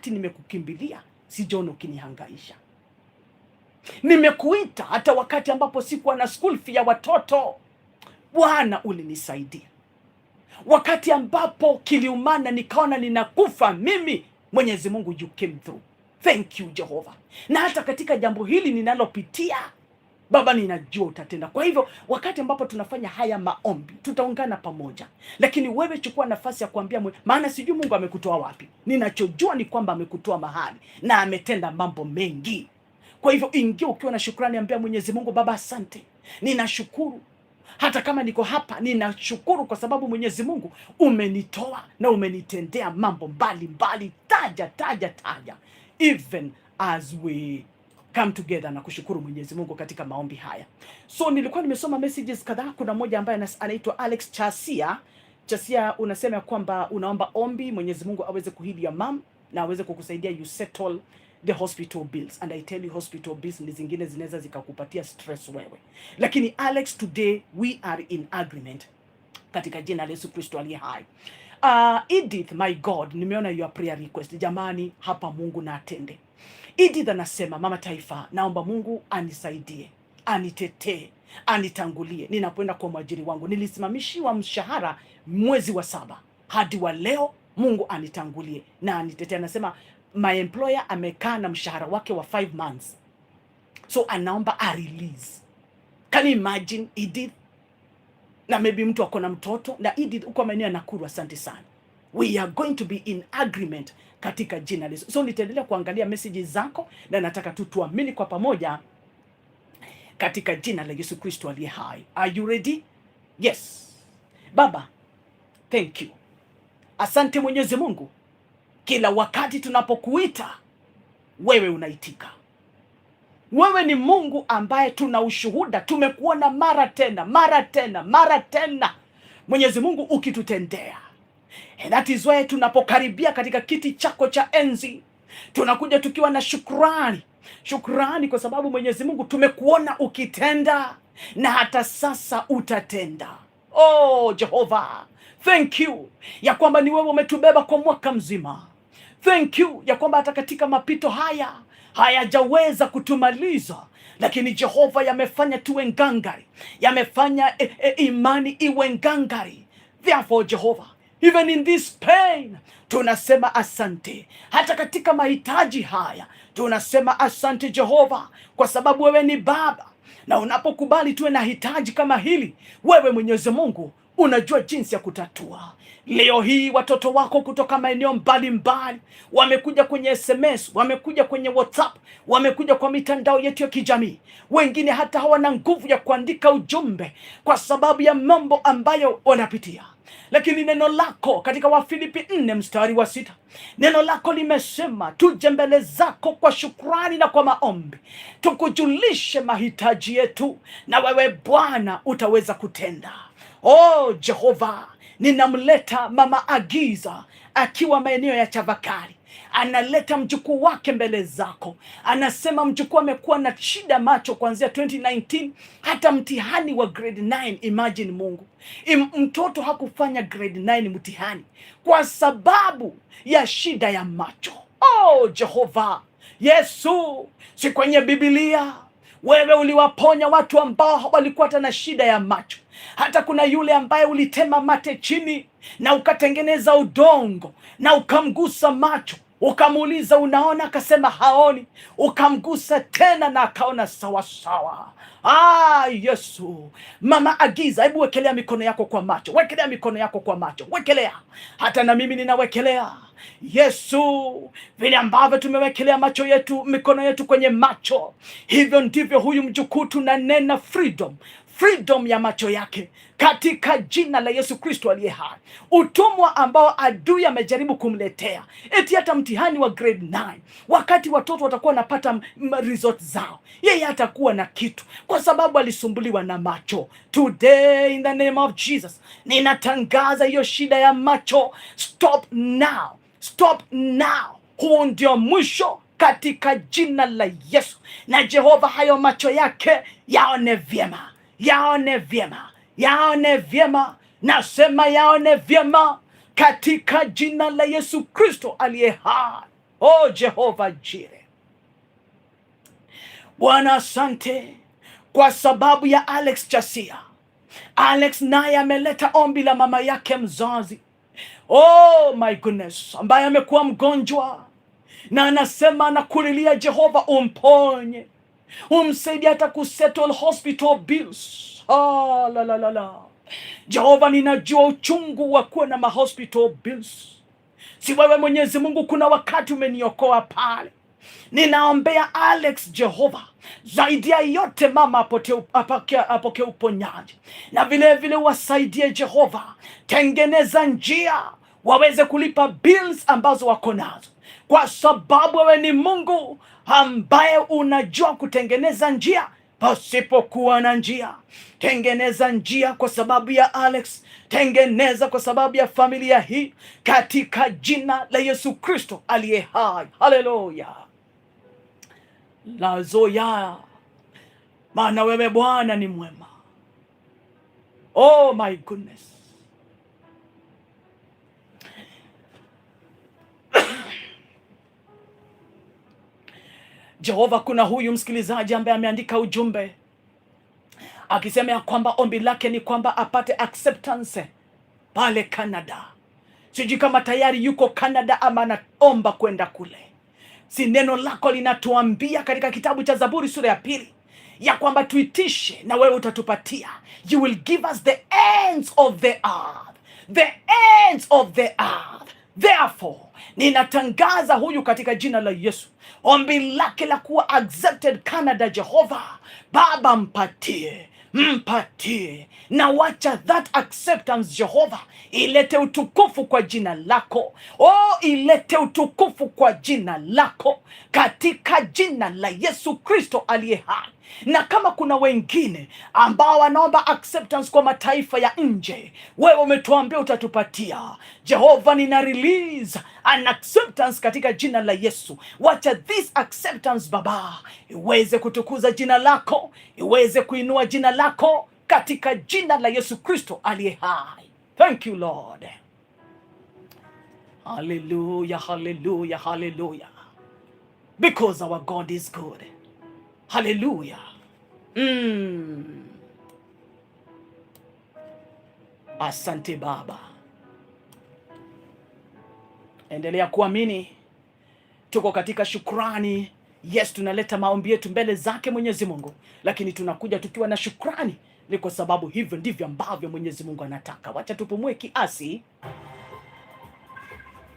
wakati nimekukimbilia, sijaona ukinihangaisha. Nimekuita hata wakati ambapo sikuwa na school fee ya watoto, Bwana ulinisaidia. Wakati ambapo kiliumana nikaona ninakufa mimi, Mwenyezi Mungu, you came through. Thank you Jehova. Na hata katika jambo hili ninalopitia Baba, ninajua utatenda. Kwa hivyo wakati ambapo tunafanya haya maombi, tutaungana pamoja, lakini wewe chukua nafasi ya kuambia, maana sijui Mungu amekutoa wapi. Ninachojua ni kwamba amekutoa mahali na ametenda mambo mengi. Kwa hivyo ingia ukiwa na shukrani, ambia Mwenyezi Mungu, Baba asante, ninashukuru hata kama niko hapa ninashukuru kwa sababu Mwenyezi Mungu umenitoa na umenitendea mambo mbalimbali. Taja taja taja, even as we come together na kushukuru Mwenyezi Mungu katika maombi haya. So nilikuwa nimesoma messages kadhaa. Kuna mmoja ambaye anaitwa Alex Chasia Chasia, unasema ya kwamba unaomba ombi Mwenyezi Mungu aweze kuhidi ya mam na aweze kukusaidia you settle the hospital bills and I tell you hospital bills ni zingine zinaweza zikakupatia stress wewe, lakini Alex, today we are in agreement katika jina la Yesu Kristo aliye hai. Uh, Edith, my God, nimeona your prayer request. Jamani, hapa Mungu na atende. Edith anasema, mama taifa, naomba Mungu anisaidie, anitetee anitangulie ninapoenda kwa mwajiri wangu. Nilisimamishiwa mshahara mwezi wa saba, hadi wa leo Mungu anitangulie na anitetea. Anasema my employer amekaa na mshahara wake wa five months, so anaomba a release. Can you imagine Edith? Na maybe mtu ako na mtoto na Edith, uko maeneo ya Nakuru. Asante sana, we are going to be in agreement katika jina la Yesu. So nitaendelea kuangalia meseji zako na nataka tu tuamini kwa pamoja katika jina la Yesu Kristo aliye hai. Are you ready? Yes. Baba, thank you. Asante Mwenyezi Mungu, kila wakati tunapokuita wewe unaitika. Wewe ni Mungu ambaye tuna ushuhuda, tumekuona mara tena mara tena mara tena, Mwenyezi Mungu ukitutendea. And that is why tunapokaribia katika kiti chako cha enzi tunakuja tukiwa na shukrani Shukrani kwa sababu Mwenyezi Mungu tumekuona ukitenda na hata sasa utatenda. Oh Jehova, thank you ya kwamba ni wewe umetubeba kwa mwaka mzima. Thank you ya kwamba hata katika mapito haya hayajaweza kutumaliza lakini Jehova, yamefanya tuwe ngangari, yamefanya e, e, imani iwe ngangari. Therefore Jehova, even in this pain tunasema asante, hata katika mahitaji haya tunasema asante Jehova, kwa sababu wewe ni Baba, na unapokubali tuwe na hitaji kama hili, wewe Mwenyezi Mungu unajua jinsi ya kutatua. Leo hii watoto wako kutoka maeneo mbalimbali wamekuja kwenye SMS, wamekuja kwenye WhatsApp, wamekuja kwa mitandao yetu ya kijamii. Wengine hata hawana nguvu ya kuandika ujumbe kwa sababu ya mambo ambayo wanapitia. Lakini neno lako katika Wafilipi nne mstari wa sita neno lako limesema tuje mbele zako kwa shukrani na kwa maombi, tukujulishe mahitaji yetu, na wewe Bwana utaweza kutenda. O oh Jehova, ninamleta mama Agiza akiwa maeneo ya Chavakari analeta mjukuu wake mbele zako, anasema mjukuu amekuwa na shida macho kuanzia 2019 hata mtihani wa grade 9. Imagine Mungu, Im, mtoto hakufanya grade 9 mtihani kwa sababu ya shida ya macho. Oh Jehova Yesu, si kwenye Biblia wewe uliwaponya watu ambao walikuwa na shida ya macho hata kuna yule ambaye ulitema mate chini na ukatengeneza udongo na ukamgusa macho ukamuuliza unaona? Akasema haoni. Ukamgusa tena na akaona sawasawa. Ah, Yesu! Mama Agiza, hebu wekelea mikono yako kwa macho, wekelea mikono yako kwa macho, wekelea. Hata na mimi ninawekelea Yesu, vile ambavyo tumewekelea macho yetu, mikono yetu kwenye macho, hivyo ndivyo huyu mjukuu tunanena freedom, freedom ya macho yake katika jina la Yesu Kristo aliye hai. Utumwa ambao adui amejaribu kumletea eti hata mtihani wa grade 9, wakati watoto watakuwa wanapata result zao, yeye hatakuwa na kitu kwa sababu alisumbuliwa na macho. Today in the name of Jesus, ninatangaza hiyo shida ya macho, stop now, stop now. Huu ndio mwisho katika jina la Yesu, na Jehova hayo macho yake yaone vyema yaone vyema, yaone vyema, nasema yaone vyema katika jina la Yesu Kristo aliye hai. O Jehova Jire, Bwana asante kwa sababu ya Alex Chasia. Alex naye ameleta ombi la mama yake mzazi, oh my goodness, ambaye amekuwa mgonjwa na anasema anakulilia Jehova umponye humsaidia hata kusettle hospital bills. Ah, la, la, la, la. Jehova, ninajua uchungu wa kuwa na mahospital bills. Si wewe Mwenyezi Mungu, kuna wakati umeniokoa pale. Ninaombea Alex Jehova, zaidi ya yote mama apokee apoke, apoke uponyaji, na vile vile wasaidie Jehova, tengeneza njia waweze kulipa bills ambazo wako nazo, kwa sababu wewe ni Mungu ambaye unajua kutengeneza njia pasipokuwa na njia. Tengeneza njia kwa sababu ya Alex, tengeneza kwa sababu ya familia hii, katika jina la Yesu Kristo aliye hai. Haleluya! Lazoya, maana wewe Bwana ni mwema. Oh my goodness. Jehova, kuna huyu msikilizaji ambaye ameandika ujumbe akisema ya kwamba ombi lake ni kwamba apate acceptance pale Canada. Sijui kama tayari yuko Canada ama anaomba kwenda kule. Si neno lako linatuambia katika kitabu cha Zaburi sura ya pili ya kwamba tuitishe na wewe utatupatia, you will give us the ends of the earth, the ends of the earth therefore, ninatangaza huyu katika jina la Yesu, ombi lake la kuwa accepted Canada, Jehova Baba mpatie mpatie na wacha that acceptance Jehova ilete utukufu kwa jina lako. Oh, ilete utukufu kwa jina lako katika jina la Yesu Kristo aliye hai na kama kuna wengine ambao wanaomba acceptance kwa mataifa ya nje, wewe umetuambia utatupatia. Jehova, nina release an acceptance katika jina la Yesu. Wacha this acceptance Baba iweze kutukuza jina lako, iweze kuinua jina lako katika jina la Yesu Kristo aliye hai. Thank you Lord. Hallelujah, hallelujah, hallelujah. Because our God is good. Haleluya. Mm. Asante Baba, endelea kuamini. Tuko katika shukrani. Yes, tunaleta maombi yetu mbele zake Mwenyezi Mungu, lakini tunakuja tukiwa na shukrani. Ni kwa sababu hivyo ndivyo ambavyo Mwenyezi Mungu anataka. Wacha tupumue kiasi.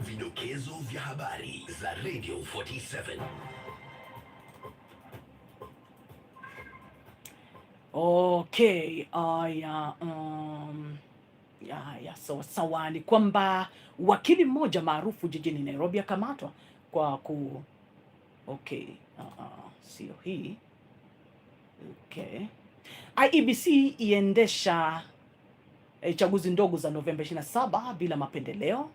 Vidokezo vya habari za Radio 47 Okay, haya um, haya sawa sawa. Ni kwamba wakili mmoja maarufu jijini Nairobi akamatwa kwa ku okay, uh, uh, sio hii okay. IEBC iendesha e, chaguzi ndogo za Novemba 27 bila mapendeleo.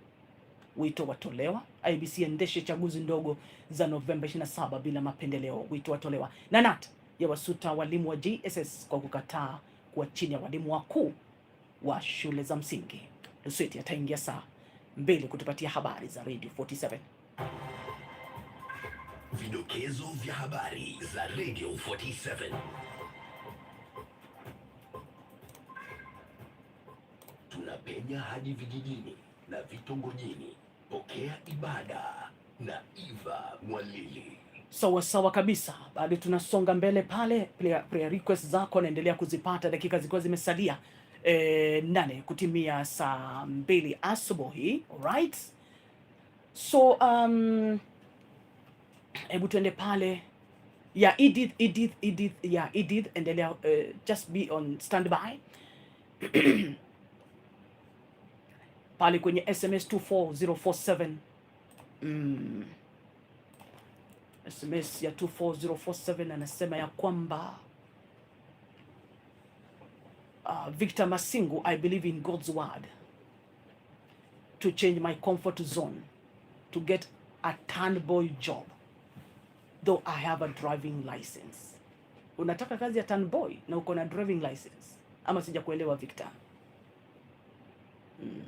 Wito watolewa. IEBC iendeshe chaguzi ndogo za Novemba 27 bila mapendeleo. Wito watolewa na NAT ya wasuta walimu wa JSS kwa kukataa kuwa chini ya walimu wakuu wa shule za msingi. Lusweti ataingia saa mbili kutupatia habari za Radio 47. Vidokezo vya habari za Radio 47. Tunapenya hadi vijijini na vitongojini. Pokea ibada na Eva Mwalili. Sawa sawa kabisa, bado tunasonga mbele pale. Prayer request zako naendelea kuzipata, dakika zikiwa zimesalia e, nane kutimia saa mbili asubuhi. Alright, so um, hebu tuende pale ya Edith, Edith, Edith, ya Edith, endelea uh, just be on standby pale kwenye SMS 24047 mm. SMS ya 24047 anasema ya kwamba uh, Victor Masingu, I believe in God's word to change my comfort zone to get a tanboy job though I have a driving license. Unataka kazi ya boy na uko na driving license, ama sijakuelewa Victor? Mm.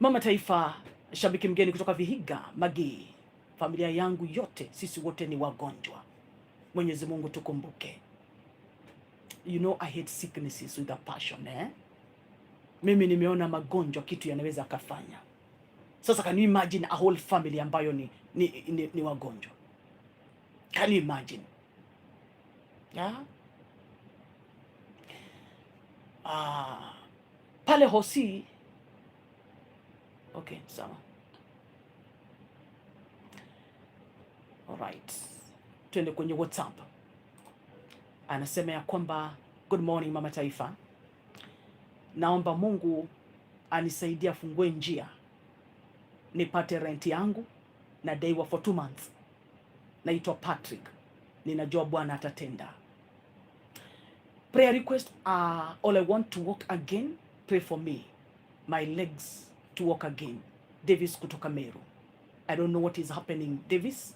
Mama Taifa shabiki mgeni kutoka Vihiga Magii, familia yangu yote, sisi wote ni wagonjwa. Mwenyezi Mungu tukumbuke. You know I hate sicknesses with a passion, eh? Mimi nimeona magonjwa kitu yanaweza akafanya. Sasa can you imagine a whole family ambayo ni, ni, ni, ni wagonjwa? Can you imagine? Yeah? Ah, pale Hosi Okay, sawa. Alright. Tuende kwenye WhatsApp. Anasema ya kwamba good morning mama taifa, naomba Mungu anisaidia afungue njia nipate renti yangu na daiwa for two months. Naitwa Patrick, ninajua Bwana atatenda. Prayer request, uh, all I want to walk again, pray for me. My legs to walk again. Davis kutoka Meru. I don't know what is happening Davis,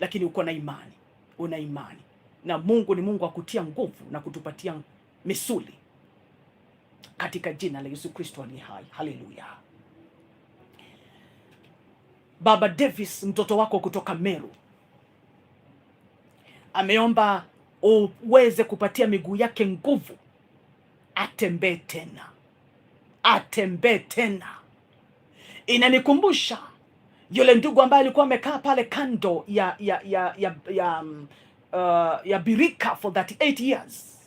lakini uko na imani, una imani na Mungu. Ni Mungu akutia nguvu na kutupatia misuli katika jina la Yesu Kristo aliye hai. Haleluya. Baba Davis, mtoto wako kutoka Meru ameomba uweze kupatia miguu yake nguvu, atembee tena, atembee tena Inanikumbusha yule ndugu ambaye alikuwa amekaa pale kando ya ya ya ya, ya, mm, uh, ya birika for that eight years.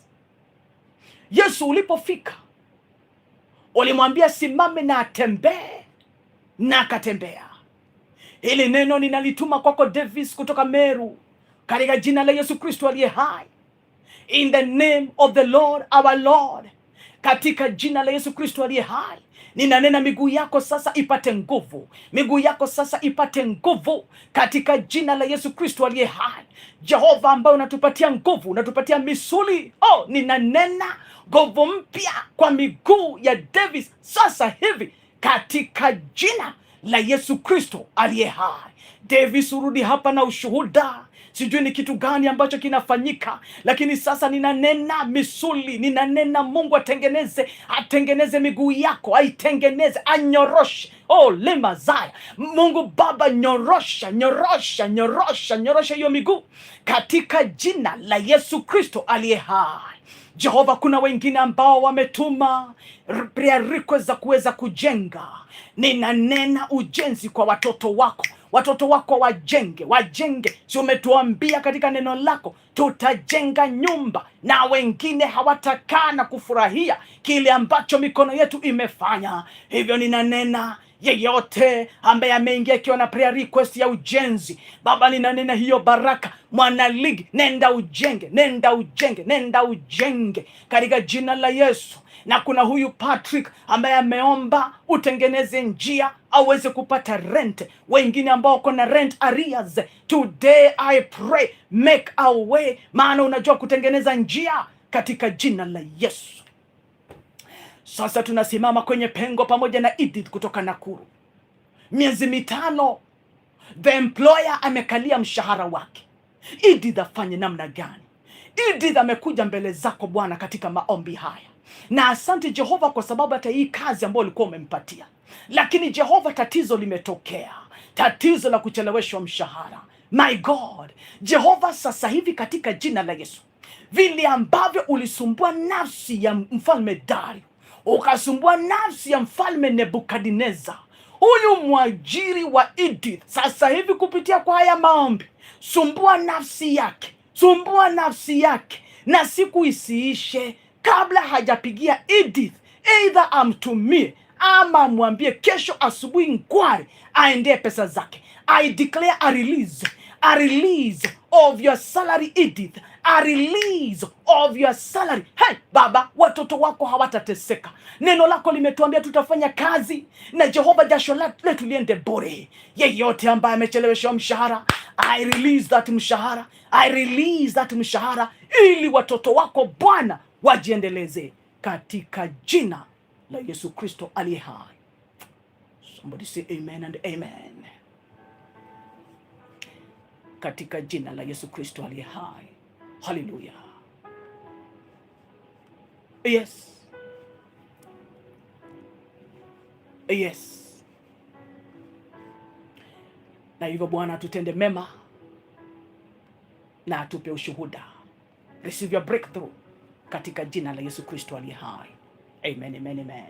Yesu ulipofika ulimwambia simame na atembee, na akatembea. Hili neno ninalituma kwako Davis kutoka Meru, katika jina la Yesu Kristo aliye hai, in the name of the Lord our Lord katika jina la Yesu Kristo aliye hai. Ninanena miguu yako sasa ipate nguvu, miguu yako sasa ipate nguvu katika jina la Yesu Kristo aliye hai. Jehova ambaye unatupatia nguvu, unatupatia misuli. Oh, ninanena nguvu mpya kwa miguu ya Davis sasa hivi katika jina la Yesu Kristo aliye hai. Davis, urudi hapa na ushuhuda sijui ni kitu gani ambacho kinafanyika, lakini sasa ninanena misuli, ninanena Mungu atengeneze, atengeneze miguu yako, aitengeneze, anyoroshe Oh, lema zaya Mungu Baba, nyorosha nyorosha nyorosha nyorosha hiyo miguu katika jina la Yesu Kristo aliye hai. Jehova, kuna wengine ambao wametuma prayer request za kuweza kujenga. Ninanena ujenzi kwa watoto wako watoto wako wajenge, wajenge. Si umetuambia katika neno lako tutajenga nyumba, na wengine hawatakaa na kufurahia kile ambacho mikono yetu imefanya. Hivyo ninanena yeyote ambaye ameingia akiwa na prayer request ya ujenzi, Baba, ninanena hiyo baraka mwana ligi, nenda ujenge, nenda ujenge, nenda ujenge katika jina la Yesu. Na kuna huyu Patrick ambaye ameomba utengeneze njia aweze kupata rent, wengine ambao wako na rent arrears. Today I pray make a way, maana unajua kutengeneza njia katika jina la Yesu. Sasa tunasimama kwenye pengo pamoja na Edith kutoka Nakuru, miezi mitano the employer amekalia mshahara wake. Edith afanye namna gani? Edith amekuja mbele zako Bwana katika maombi haya, na asante Jehova kwa sababu hata hii kazi ambayo ulikuwa umempatia lakini Jehova, tatizo limetokea, tatizo la kucheleweshwa mshahara. My God, Jehova, sasa hivi katika jina la Yesu, vile ambavyo ulisumbua nafsi ya mfalme Dario, ukasumbua nafsi ya mfalme Nebukadneza, huyu mwajiri wa Edith, sasa hivi kupitia kwa haya maombi, sumbua nafsi yake, sumbua nafsi yake, na siku isiishe kabla hajapigia Edith, aidha amtumie ama amwambie kesho asubuhi nkwari aendee pesa zake. I declare a release, a release of your salary Edith, a release of your salary. Hey, Baba, watoto wako hawatateseka. Neno lako limetuambia tutafanya kazi na Jehova, jasho letu liende bure. Yeyote ambaye amecheleweshwa mshahara, I release that mshahara, I release that mshahara, ili watoto wako Bwana wajiendeleze katika jina la Yesu Kristo aliye hai. Somebody say amen and amen. Katika jina la Yesu Kristo aliye hai. Haleluya. Yes. Yes. Na hivyo Bwana atutende mema na atupe ushuhuda. Receive your breakthrough katika jina la Yesu Kristo aliye hai. many, many man.